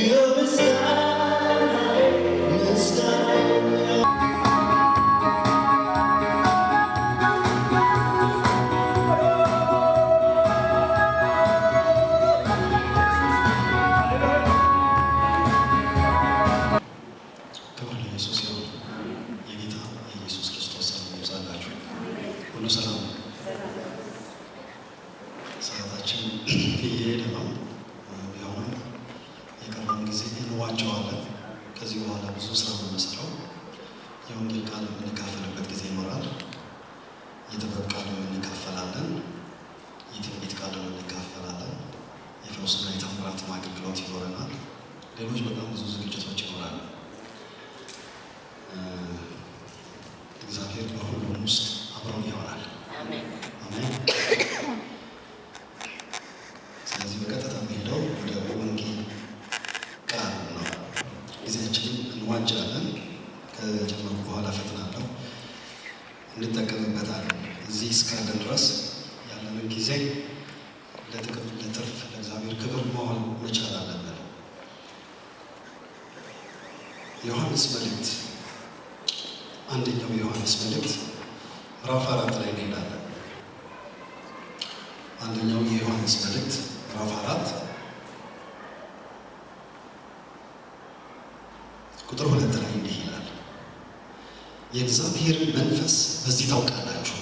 You're beside ሙስና የተንፈራተመ አገልግሎት ይኖረናል። ሌሎች በጣም ብዙ ዝግጅቶች ይኖራሉ። እግዚአብሔር በሁሉም ውስጥ አብረው ያወራል። አንደኛው የዮሐንስ መልእክት ምዕራፍ አራት ቁጥር ሁለት ላይ እንዲህ ይላል፣ የእግዚአብሔር መንፈስ በዚህ ታውቃላችሁ፣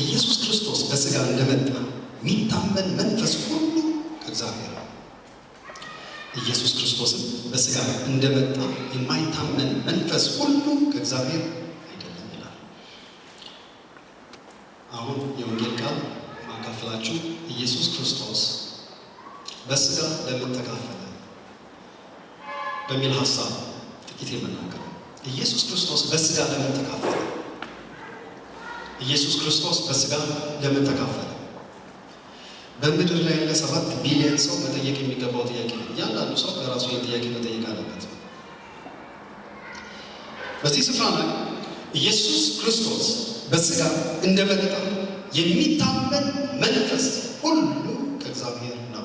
ኢየሱስ ክርስቶስ በስጋ እንደመጣ የሚታመን መንፈስ ሁሉ ከእግዚአብሔር ኢየሱስ ክርስቶስም በስጋ እንደመጣ የማይታመን መንፈስ ሁሉ ከእግዚአብሔር አይደለም ይላል። አሁን የወንጌል ቃል ተካፍላችሁ ኢየሱስ ክርስቶስ በስጋ ለምን ተካፈለ በሚል ሀሳብ ጥቂት የመናገር ኢየሱስ ክርስቶስ በስጋ ለምን ተካፈለ? ኢየሱስ ክርስቶስ በስጋ ለምን ተካፈለ? በምድር ላይ ያለ ሰባት ቢሊዮን ሰው መጠየቅ የሚገባው ጥያቄ ነው። እያንዳንዱ ሰው ይህን ጥያቄ መጠየቅ አለበት። በዚህ ስፍራ ላይ ኢየሱስ ክርስቶስ በስጋ እንደመጣ የሚታመን መንፈስ ሁሉ ከእግዚአብሔር ነው።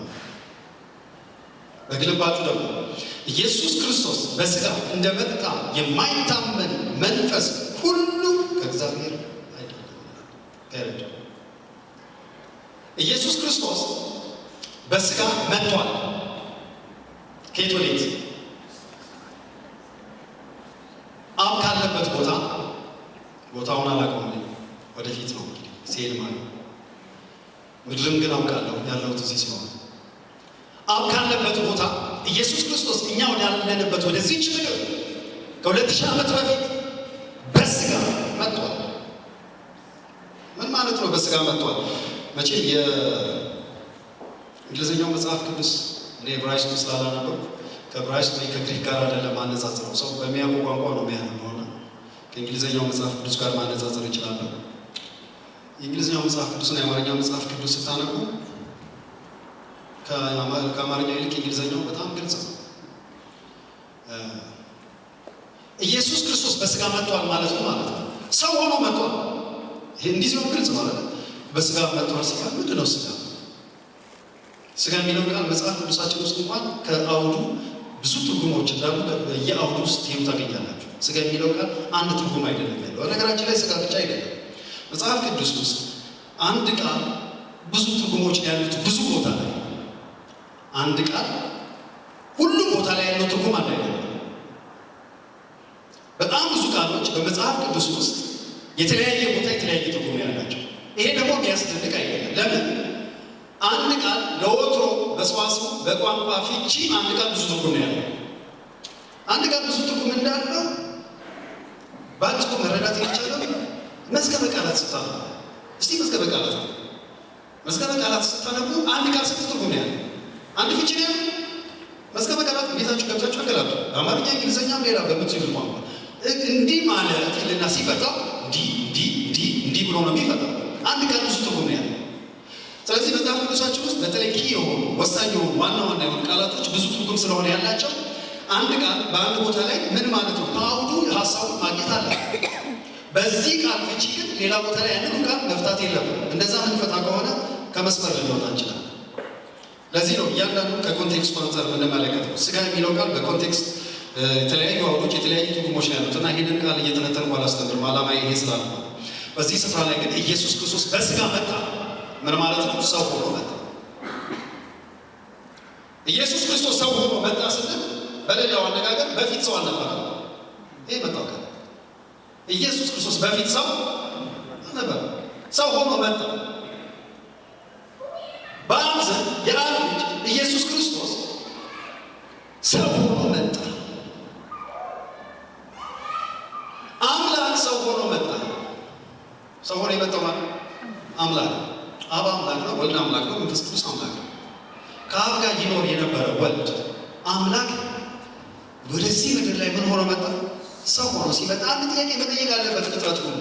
በግልባጩ ደግሞ ኢየሱስ ክርስቶስ በስጋ እንደመጣ የማይታመን መንፈስ ሁሉ ከእግዚአብሔር አይደለም። ኢየሱስ ክርስቶስ በስጋ መጥቷል። ከየት አብ ካለበት ቦታ ቦታውን አላ ሲሄድ ማለት ምድርም ግን አውቃለሁ ያለሁት እዚህ ሲሆን አብ ካለበት ቦታ ኢየሱስ ክርስቶስ እኛ ወዳለንበት ወደዚህች ምድር ከሁለት ሺህ ዓመት በፊት በስጋ መጥቷል። ምን ማለት ነው? በስጋ መጥቷል። መቼም የእንግሊዝኛው መጽሐፍ ቅዱስ እኔ ዕብራይስጡ ስላላነበብኩ ከብራይስ ወይ ከግሪክ ጋር አይደለም ማነጻጽረው ሰው በሚያውቁ ቋንቋ ነው ሚያነበው ከእንግሊዝኛው መጽሐፍ ቅዱስ ጋር ማነጻጽር ይችላለሁ የእንግሊዝኛው መጽሐፍ ቅዱስና የአማርኛ መጽሐፍ ቅዱስ ስታነቁ ከአማርኛ ይልቅ የእንግሊዝኛው በጣም ግልጽ ነው። ኢየሱስ ክርስቶስ በስጋ መጥቷል ማለት ነው ማለት ነው። ሰው ሆኖ መጥቷል። ይሄ እንዲህ ሲሆን ግልጽ ማለት ነው። በስጋ መጥቷል ሲባል ምንድ ነው ስጋ? ስጋ የሚለው ቃል መጽሐፍ ቅዱሳችን ውስጥ እንኳን ከአውዱ ብዙ ትርጉሞች እንዳሉ በየአውዱ ውስጥ ይሁ ታገኛላችሁ። ስጋ የሚለው ቃል አንድ ትርጉም አይደለም ያለው። ነገራችን ላይ ስጋ ብቻ አይደለም መጽሐፍ ቅዱስ ውስጥ አንድ ቃል ብዙ ትርጉሞች ያሉት ብዙ ቦታ ላይ አንድ ቃል ሁሉም ቦታ ላይ ያለው ትርጉም አለ በጣም ብዙ ቃሎች በመጽሐፍ ቅዱስ ውስጥ የተለያየ ቦታ የተለያየ ትርጉም ያላቸው፣ ይሄ ደግሞ የሚያስደንቅ አይደለም። ለምን አንድ ቃል ለወትሮ በሰዋስው በቋንቋ ፊቺ አንድ ቃል ብዙ ትርጉም ያለው አንድ ቃል ብዙ ትርጉም እንዳለው በአጭሩ መረዳት ይቻላል። መዝገበ ቃላት ስታነቡ እስቲ መዝገበ ቃላት ነው። መዝገበ ቃላት ስታነቡ አንድ ቃል ስንት ትርጉም ያለ አንድ ፍቺ ነው። መዝገበ ቃላት ቤታችሁ ገብታችሁ አገላጡ። አማርኛ፣ እንግሊዝኛም ሌላ በምትሉ ቋንቋ እንዲህ ማለት ይልና ሲፈታው እንዲህ እንዲህ እንዲህ እንዲህ ብሎ ነው የሚፈታው። አንድ ቃል ብዙ ትርጉም ነው ያለ። ስለዚህ መጽሐፍ ቅዱሳችን ውስጥ በተለይ ኪ የሆኑ ወሳኝ የሆኑ ዋና ዋና የሆኑ ቃላቶች ብዙ ትርጉም ስለሆነ ያላቸው አንድ ቃል በአንድ ቦታ ላይ ምን ማለት ነው ፓውዱ ሀሳቡን ማግኘት አለ በዚህ ቃል ፍቺ ግን ሌላ ቦታ ላይ ያንን ቃል መፍታት የለም። እንደዛ ምንፈታ ከሆነ ከመስመር ልንወጣ እንችላለን። ለዚህ ነው እያንዳንዱ ከኮንቴክስቱ አንጻር ምንመለከት ነው። ስጋ የሚለው ቃል በኮንቴክስት የተለያዩ አውዶች የተለያዩ ትርጉሞች ያሉት እና ይህንን ቃል እየተነተርኩ አላስተምርም። ዓላማ ይሄ ስላለ በዚህ ስፍራ ላይ ግን ኢየሱስ ክርስቶስ በስጋ መጣ። ምን ማለት ነው? ሰው ሆኖ መጣ። ኢየሱስ ክርስቶስ ሰው ሆኖ መጣ ስንል በሌላው አነጋገር በፊት ሰው አልነበረ። ይህ መጣ ኢየሱስ ክርስቶስ በፊት ሰው ነበር። ሰው ሆኖ መጣ። በአብ ዘንድ የአብ ልጅ ኢየሱስ ክርስቶስ ሰው ሆኖ መጣ። አምላክ ሰው ሆኖ መጣ። ሰው ሆኖ የመጣው ማለት አምላክ አባ አምላክ ነው፣ ወልድ አምላክ ነው፣ መንፈስ ቅዱስ አምላክ ነው። ከአብ ጋር ይኖር የነበረ ወልድ አምላክ ወደዚህ ምድር ላይ ምን ሆኖ መጣ? ሰው ሆኖ ሲመጣ አንድ ጥያቄ መጠየቅ አለበት ፍጥረት ሁሉ።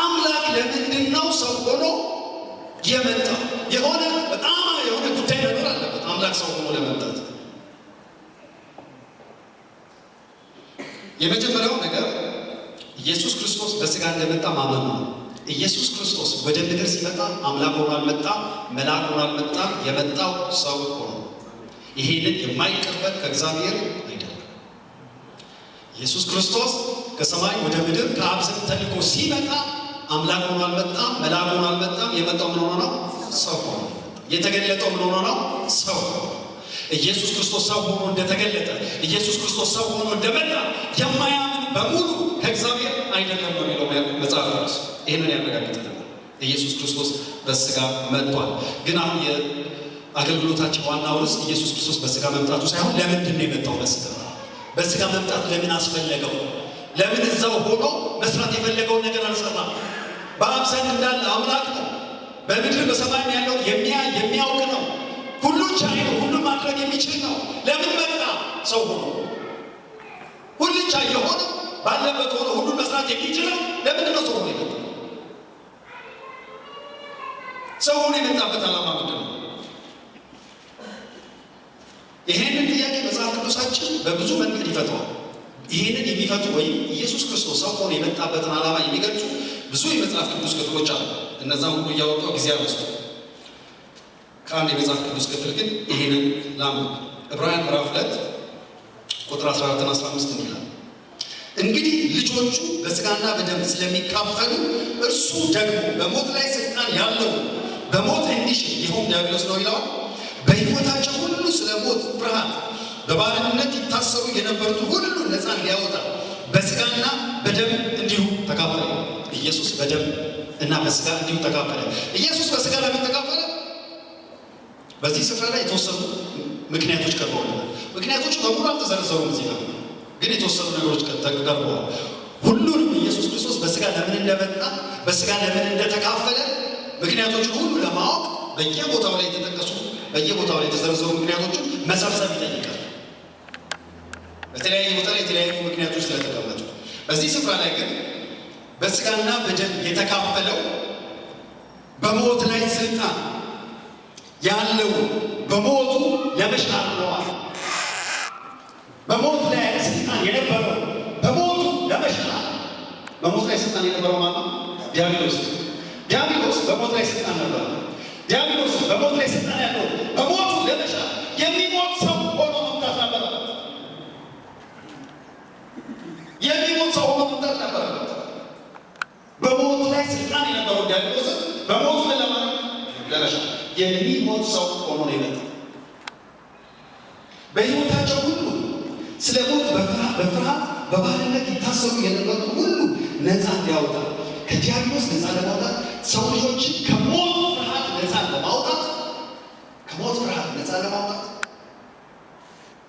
አምላክ ለምንድን ነው ሰው ሆኖ የመጣው? የሆነ በጣም የሆነ ጉዳይ ነገር አለበት አምላክ ሰው ሆኖ ለመምጣት። የመጀመሪያው ነገር ኢየሱስ ክርስቶስ በስጋ እንደመጣ ማመን ነው። ኢየሱስ ክርስቶስ ወደ ምድር ሲመጣ አምላክ ሆኖ አልመጣ፣ መልአክ ሆኖ አልመጣ፣ የመጣው ሰው ሆኖ ይሄንን የማይቀበል ከእግዚአብሔር ኢየሱስ ክርስቶስ ከሰማይ ወደ ምድር ከአብዘን ተልኮ ሲመጣ አምላክ ሆኖ አልመጣም፣ መልአክ ሆኖ አልመጣም። የመጣው ምን ሆኖ ነው? ሰው ሆኖ። የተገለጠው ምን ሆኖ ነው? ሰው ኢየሱስ ክርስቶስ ሰው ሆኖ እንደተገለጠ ኢየሱስ ክርስቶስ ሰው ሆኖ እንደመጣ የማያምን በሙሉ ከእግዚአብሔር አይደለም የሚለው መጽሐፍ ቅዱስ ይህንን ያረጋግጥልናል። ኢየሱስ ክርስቶስ በስጋ መጥቷል። ግን አሁን የአገልግሎታችን ዋና ውርስ ኢየሱስ ክርስቶስ በስጋ መምጣቱ ሳይሆን ለምንድን ነው የመጣው በስጋ በስጋ መምጣት ለምን አስፈለገው? ለምን እዛው ሆኖ መስራት የፈለገውን ነገር አልሰራም? በአብ ዘንድ እንዳለ አምላክ ነው። በምድር በሰማይም ያለው የሚያውቅ ነው። ሁሉ ቻይ ነው። ሁሉ ማድረግ የሚችል ነው። ለምን መጣ? ሰው ሆኖ ሁሉ ቻይ የሆነ ባለበት ሆኖ ሁሉ መስራት የሚችለው ለምንድን ነው? ሰው ሆኖ የመጣ ሰው ሆኖ የመጣበት አላማ ምንድን ነው? ይሄንን ጥያቄ መጽሐፍ ቅዱሳችን በብዙ መንገድ ይፈተዋል። ይህንን የሚፈቱ ወይም ኢየሱስ ክርስቶስ ሰው ሆኖ የመጣበትን ዓላማ የሚገልጹ ብዙ የመጽሐፍ ቅዱስ ክፍሎች አሉ። እነዛም ሁሉ እያወጣው ጊዜ አልወስዱ። ከአንድ የመጽሐፍ ቅዱስ ክፍል ግን ይህንን ላም ዕብራውያን ምዕራፍ ሁለት ቁጥር 14 15 ይላል እንግዲህ ልጆቹ በስጋና በደም ስለሚካፈሉ እርሱ ደግሞ በሞት ላይ ስልጣን ያለው በሞት እንዲሽ ይኸውም ዲያብሎስ ነው ይለዋል በሕይወታቸው ሁሉ ስለ ሞት ፍርሃት በባርነት ይታሰሩ የነበሩት ሁሉ ነፃ ሊያወጣ በስጋና በደም እንዲሁ ተካፈለ። ኢየሱስ በደም እና በስጋ እንዲሁ ተካፈለ። ኢየሱስ በስጋ ለምን ተካፈለ? በዚህ ስፍራ ላይ የተወሰኑ ምክንያቶች ቀርበውልናል። ምክንያቶች በሙሉ አልተዘረዘሩም። እዚህ ግን የተወሰኑ ነገሮች ቀርበዋል። ሁሉንም ኢየሱስ ክርስቶስ በስጋ ለምን እንደመጣ በስጋ ለምን እንደተካፈለ ምክንያቶች ሁሉ ለማወቅ በየቦታው ላይ የተጠቀሱ በየቦታው ላይ የተዘረዘሩ ምክንያቶቹ መሰብሰብ ይጠይቃል። በተለያየ ቦታ ላይ የተለያዩ ምክንያቶች ስለተቀመጡ በዚህ ስፍራ ላይ ግን በስጋና በደም የተካፈለው በሞት ላይ ስልጣን ያለው በሞቱ ለመሻር ነዋል። በሞት ላይ ስልጣን የነበረው በሞቱ ለመሻር በሞት ላይ ስልጣን የነበረው ማለት ዲያብሎስ። ዲያብሎስ በሞት ላይ ስልጣን ነበረው። ዲያብሎስ በሞት ላይ ስልጣን ያለው በሞቱ የሚሞት ሰው ሆኖ መምጣት ነበረበት። የሚሞት ሰው ሆኖ መምጣት ነበረበት። በሞቱ ላይ ስልጣን የነበረው ዲያብሎስ በሞቱ የሚሞት ሰው ሆኖ ነው በሕይወታቸው ሁሉ ስለ ሞት በፍርሃት በባህልነት ይታሰሩ የነበሩ ሁሉ ነፃ እንዲያወጣ ከዲያብሎስ ነፃ ለማውጣት ሰው ልጆችን ከሞት ነፃ ለማውጣት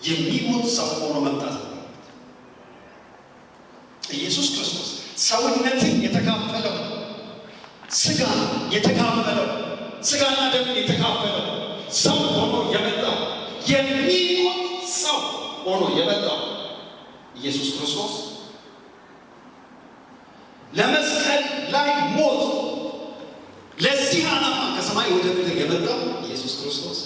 የሚሞት ሰው ሆኖ መምጣት ነው። ኢየሱስ ክርስቶስ ሰውነትን የተካፈለው ስጋ የተካፈለው ስጋና ደም የተካፈለው ሰው ሆኖ የመጣው የሚሞት ሰው ሆኖ የመጣው ኢየሱስ ክርስቶስ ለመስቀል ላይ ሞት ለዚህ ዓላማ ከሰማይ ወደ ምድር የመጣው ኢየሱስ ክርስቶስ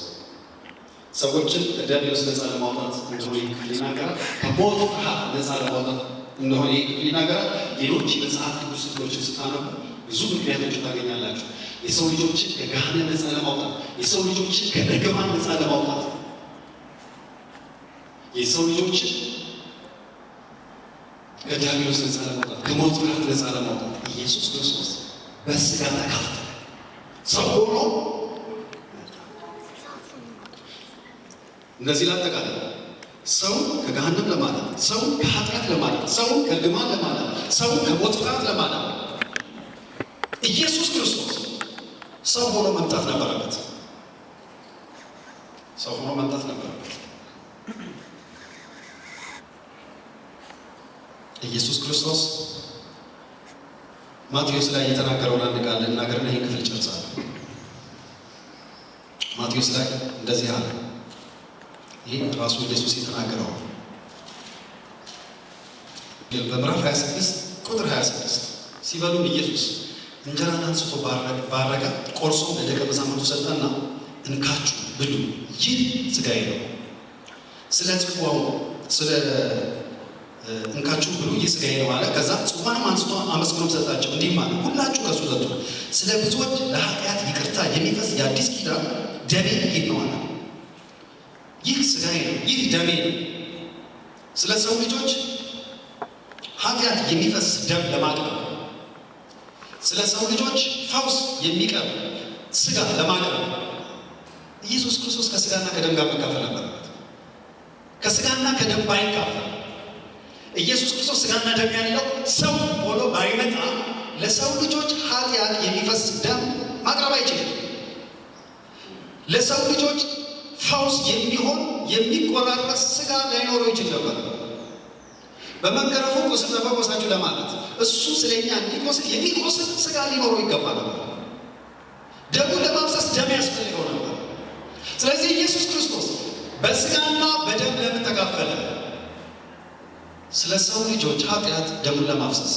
ሰዎችን ከዲያብሎስ ነፃ ለማውጣት እንደሆነ ይህ ክፍል ይናገራል። ከሞት ፍርሃት ነፃ ለማውጣት እንደሆነ ይህ ክፍል ይናገራል። ሌሎች የመጽሐፍ ቅዱስ ክፍሎችን ስታነቡ ብዙ ምክንያቶች ታገኛላችሁ። የሰው ልጆችን ከገሃነም ነፃ ለማውጣት፣ የሰው ልጆችን ከደገማን ነፃ ለማውጣት፣ የሰው ልጆችን ከዲያብሎስ ነፃ ለማውጣት፣ ከሞት ፍርሃት ነፃ ለማውጣት ኢየሱስ ክርስቶስ በስጋ ተካፈለ ሰው ሆኖ እንደዚህ ላጠቃላይ ሰው ከገሃነም ለማለት ሰው ከኃጢአት ለማለት ሰው ከእርግማን ለማለት ሰው ከሞት ፍርሃት ለማዳን ኢየሱስ ክርስቶስ ሰው ሆኖ መምጣት ነበረበት። ሰው ሆኖ መምጣት ነበረበት። ኢየሱስ ክርስቶስ ማቴዎስ ላይ የተናገረውን አንድ ቃል ልናገርና ይህን ክፍል ጨርሳለሁ። ማቴዎስ ላይ እንደዚህ አለ ይህን ራሱ ኢየሱስ የተናገረው በምዕራፍ 26 ቁጥር 26 ሲበሉም ኢየሱስ እንጀራን አንስቶ ባረጋ ቆርሶ ለደቀ መዛሙርቱ ሰጠና፣ እንካችሁ ብሉ፣ ይህ ስጋዬ ነው። ስለ ጽዋው ስለ እንካችሁ ብሉ፣ ይህ ስጋዬ ነው አለ። ከዛ ጽዋንም አንስቶ አመስግኖም ሰጣቸው፣ እንዲህም አለ፣ ሁላችሁ ከእሱ ጠጡ፣ ስለ ብዙዎች ለኃጢአት ይቅርታ የሚፈስ የአዲስ ኪዳን ደሜ ይህ ነው አለ። ይህ ስጋዬ ነው፣ ይህ ደሜ ነው። ስለ ሰው ልጆች ኃጢአት የሚፈስ ደም ለማቅረብ ስለ ሰው ልጆች ፈውስ የሚቀርብ ስጋ ለማቅረብ ኢየሱስ ክርስቶስ ከስጋና ከደም ጋር መካፈል ነበረበት። ከስጋና ከደም ባይካፈል ኢየሱስ ክርስቶስ ስጋና ደም ያለው ሰው ሆኖ ባይመጣ ለሰው ልጆች ኃጢአት የሚፈስ ደም ማቅረብ አይችልም። ለሰው ልጆች ፈውስ የሚሆን የሚቆራረስ ስጋ ላይኖረው ይችል ነበር። በመገረፉ ቁስል ተፈወሳችሁ ለማለት እሱ ስለኛ እንዲቆስል የሚቆስል ስጋ ሊኖረው ይገባ ነበር። ደሙ ለማፍሰስ ደም ያስፈልገው ነበር። ስለዚህ ኢየሱስ ክርስቶስ በስጋና በደም ለምን ተካፈለ? ስለ ሰው ልጆች ኃጢአት ደሙን ለማፍሰስ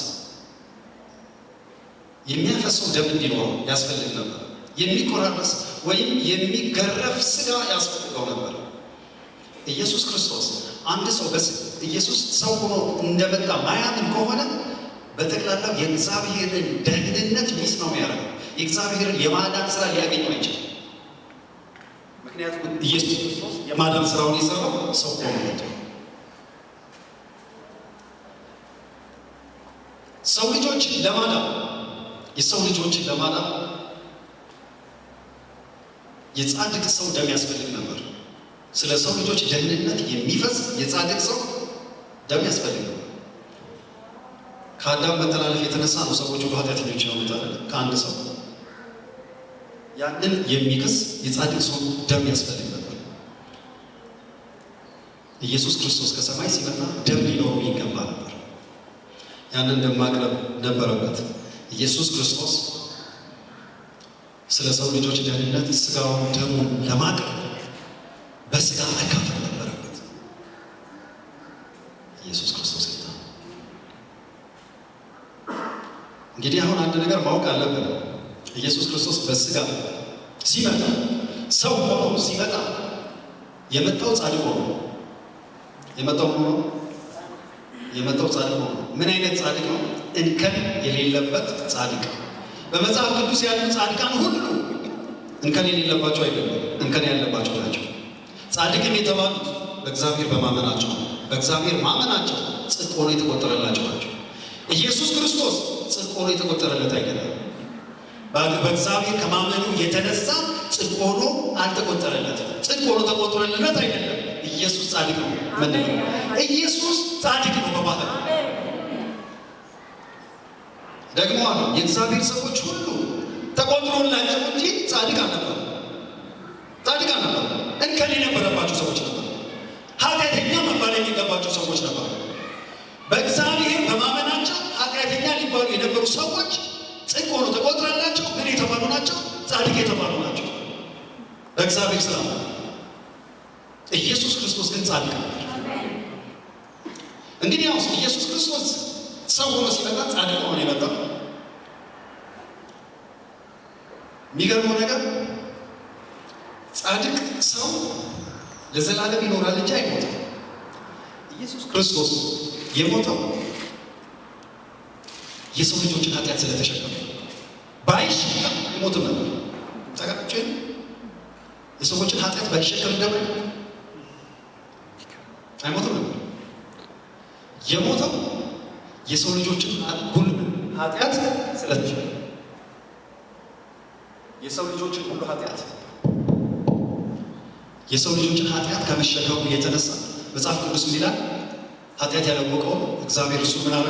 የሚያፈሰው ደም እንዲኖረው ያስፈልግ ነበር የሚቆራረስ ወይም የሚገረፍ ስጋ ያስፈልገው ነበር። ኢየሱስ ክርስቶስ አንድ ሰው ኢየሱስ ሰው ሆኖ እንደመጣ ማያምን ከሆነ በጠቅላላው የእግዚአብሔርን ደህንነት ሚስ ነው የሚያደርገው። የእግዚአብሔርን የማዳን ስራ ሊያገኘው አይችልም። ምክንያቱም ኢየሱስ ክርስቶስ የማዳን ስራውን የሰራው ሰው ሆኖ መጥቶ ሰው ልጆችን ለማዳን የሰው ልጆችን ለማዳን የጻድቅ ሰው ደም ያስፈልግ ነበር። ስለ ሰው ልጆች ደህንነት የሚፈስ የጻድቅ ሰው ደም ያስፈልግ ነበር። ከአዳም መተላለፍ የተነሳ ነው ሰዎቹ በኃጢአተኞች ያሉት አለ ከአንድ ሰው ያንን የሚክስ የጻድቅ ሰው ደም ያስፈልግ ነበር። ኢየሱስ ክርስቶስ ከሰማይ ሲመጣ ደም ሊኖረው ይገባ ነበር። ያንን ደም ማቅረብ ነበረበት ኢየሱስ ክርስቶስ ስለ ሰው ልጆች ደህንነት ስጋውን ደሙ ለማቅረብ በስጋ መካፈል ነበረበት። ኢየሱስ ክርስቶስ ጌታ። እንግዲህ አሁን አንድ ነገር ማወቅ አለብን። ኢየሱስ ክርስቶስ በስጋ ሲመጣ ሰው ሆኖ ሲመጣ የመጣው ጻድቅ ሆኖ የመጣው ሆኖ የመጣው ጻድቅ ሆኖ ምን አይነት ጻድቅ ነው? እንከን የሌለበት ጻድቅ በመጽሐፍ ቅዱስ ያሉ ጻድቃን ሁሉ እንከን የሌለባቸው አይደለም፣ እንከን ያለባቸው ናቸው። ጻድቅም የተባሉት በእግዚአብሔር በማመናቸው በእግዚአብሔር ማመናቸው ጽድቅ ሆኖ የተቆጠረላቸው ናቸው። ኢየሱስ ክርስቶስ ጽድቅ ሆኖ የተቆጠረለት አይደለም። በእግዚአብሔር ከማመኑ የተነሳ ጽድቅ ሆኖ አልተቆጠረለት፣ ጽድቅ ሆኖ ተቆጥረለት አይደለም። ኢየሱስ ጻድቅ ነው። ምንድነው? ኢየሱስ ጻድቅ ነው በማለት ነው ደግሞ አሉ የእግዚአብሔር ሰዎች ሁሉ ተቆጥሮላቸው እንጂ ጻድቅ አልነበሩ። ጻድቅ አልነበሩ፣ እንከን የነበረባቸው ሰዎች ነበሩ። ኃጢአተኛ መባል የሚገባቸው ሰዎች ነበሩ። በእግዚአብሔር በማመናቸው ኃጢአተኛ ሊባሉ የነበሩ ሰዎች ጽድቅ ሆኖ ተቆጥራላቸው ምን የተባሉ ናቸው? ጻድቅ የተባሉ ናቸው። በእግዚአብሔር ስራ ኢየሱስ ክርስቶስ ግን ጻድቅ ነበር። እንግዲህ ያውስ ኢየሱስ ክርስቶስ ሰው ሆኖ ሲመጣ ጻድቅ ሆኖ የመጣው። የሚገርመው ነገር ጻድቅ ሰው ለዘላለም ይኖራል እንጂ አይሞትም። ኢየሱስ ክርስቶስ የሞተው የሰው ልጆችን ኃጢአት ስለተሸከመ ባይሸከም ይሞትም ነበር። ጠቃችን የሰዎችን ኃጢአት ባይሸከም ነበር አይሞትም ነበር የሞተው የሰው ልጆችን ሁሉ ኃጢአት ስለተቻለ የሰው ልጆችን ሁሉ ኃጢአት የሰው ልጆችን ኃጢአት ከመሸከሙ የተነሳ መጽሐፍ ቅዱስ ይላል ኃጢአት ያለወቀው እግዚአብሔር እሱ ምን አለ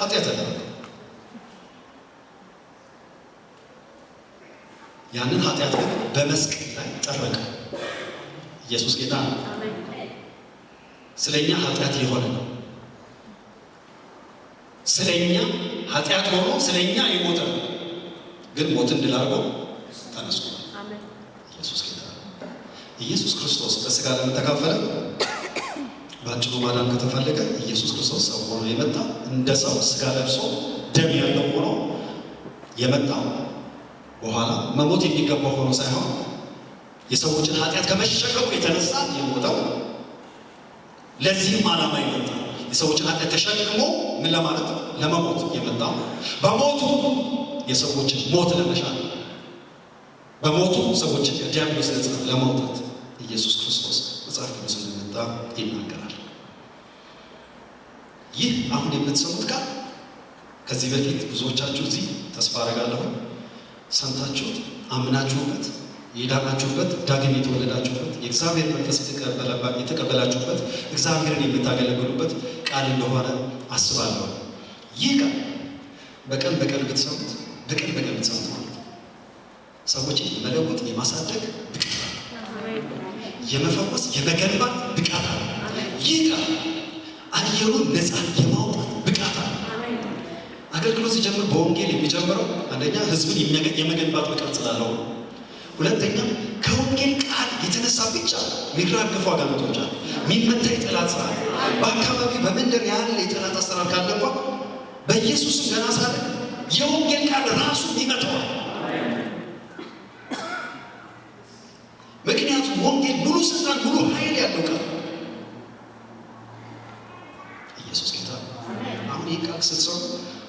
ኃጢአት ያለ ያንን ኃጢአት ግን በመስቀል ላይ ጠረቀ። ኢየሱስ ጌታ ስለ እኛ ኃጢአት የሆነ ነው። ስለኛ ኃጢአት ሆኖ ስለኛ የሞተ ግን ሞትን ድል አድርጎ ተነስቶ ኢየሱስ ጌታ ኢየሱስ ክርስቶስ በስጋ ተካፈለ? በአጭሩ ማዳን ከተፈለገ ኢየሱስ ክርስቶስ ሰው ሆኖ የመጣ እንደ ሰው ስጋ ለብሶ ደም ያለው ሆኖ የመጣ በኋላ መሞት የሚገባው ሆኖ ሳይሆን የሰዎችን ኃጢአት ከመሸከሙ የተነሳ የሞተው ለዚህም ዓላማ ይመጣል። የሰዎች አለ ተሸክሞ ምን ለማለት ለመሞት የመጣ በሞቱ የሰዎችን ሞት ለመሻል በሞቱ ሰዎችን ዲያብሎስ ነጻ ለማውጣት ኢየሱስ ክርስቶስ መጽሐፍ ቅዱስ እንደመጣ ይናገራል። ይህ አሁን የምትሰሙት ቃል ከዚህ በፊት ብዙዎቻችሁ እዚህ ተስፋ አደርጋለሁ ሰምታችሁት አምናችሁበት የዳናችሁበት ዳግም የተወለዳችሁበት የእግዚአብሔር መንፈስ የተቀበላችሁበት እግዚአብሔርን የምታገለግሉበት ቃል እንደሆነ አስባለሁ። ይህ ቃል በቀን በቀን ብትሰሙት በቀን በቀን ብትሰሙት ማለት ሰዎችን የመለወጥ የማሳደግ ብቃት አለ፣ የመፈወስ የመገንባት ብቃት አለ። ይህ ቃል አየሩን ነፃ የማውጣት ብቃት አለ። አገልግሎት ሲጀምር በወንጌል የሚጀምረው አንደኛ ህዝብን የመገንባት ብቃት ስላለው ነው። ሁለተኛ ከወንጌል ቃል የተነሳ ብቻ የሚራገፉ አጋንንቶች አሉ። የሚመታ የጠላት ስራ በአካባቢ በመንደር ያለ የጠላት አሰራር ካለኳ በኢየሱስ በኢየሱስም ገና ሳለ የወንጌል ቃል ራሱ ይመታዋል። ምክንያቱም ወንጌል ሙሉ ስልጣን፣ ሙሉ ኃይል ያለው ቃል ኢየሱስ ጌታ። አሁን ይህ ቃል ስትሰሩ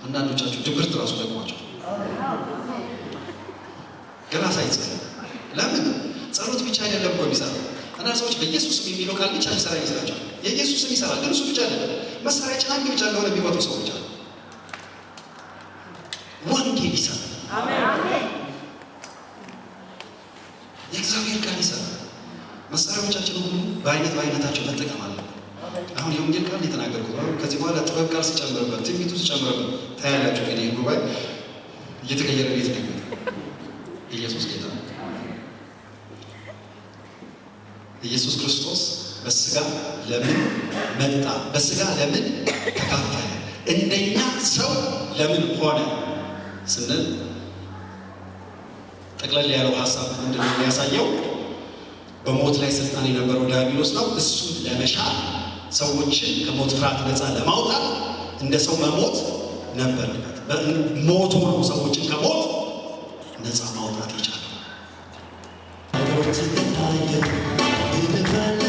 አንዳንዶቻችሁ ድብርት ራሱ ደግሟቸው ገና ሳይጽ ለምን ጸሎት ብቻ አይደለም እኮ እና ሰዎች በኢየሱስ የሚለው ቃል ብቻ ሊሰራ ይመስላቸዋል። የኢየሱስ ስም ይሰራል፣ ግን እሱ ብቻ አይደለም። መሳሪያችን አንድ ብቻ እንደሆነ የሚቆጡ ሰዎች አሉ። ወንጌል ይሰራል፣ የእግዚአብሔር ቃል ይሰራል። መሳሪያዎቻችን ሁሉ በአይነት በአይነታቸው መጠቀም አለ። አሁን የወንጌል ቃል የተናገርኩ ከዚህ በኋላ ጥበብ ቃል ሲጨምርበት፣ ትንቢቱ ሲጨምርበት ታያላችሁ። እንግዲህ ጉባኤ እየተቀየረ ቤት ነው። ኢየሱስ ጌታ ነው። ኢየሱስ ክርስቶስ በስጋ ለምን መጣ? በስጋ ለምን ተካፈለ? እንደኛ ሰው ለምን ሆነ ስንል ጠቅለል ያለው ሀሳብ ምንድን ነው የሚያሳየው? በሞት ላይ ስልጣን የነበረው ዲያብሎስ ነው። እሱን ለመሻር ሰዎችን ከሞት ፍርሃት ነፃ ለማውጣት እንደ ሰው መሞት ነበረበት። ሞቱ ነው ሰዎችን ከሞት ነፃ ማውጣት የቻለው። All the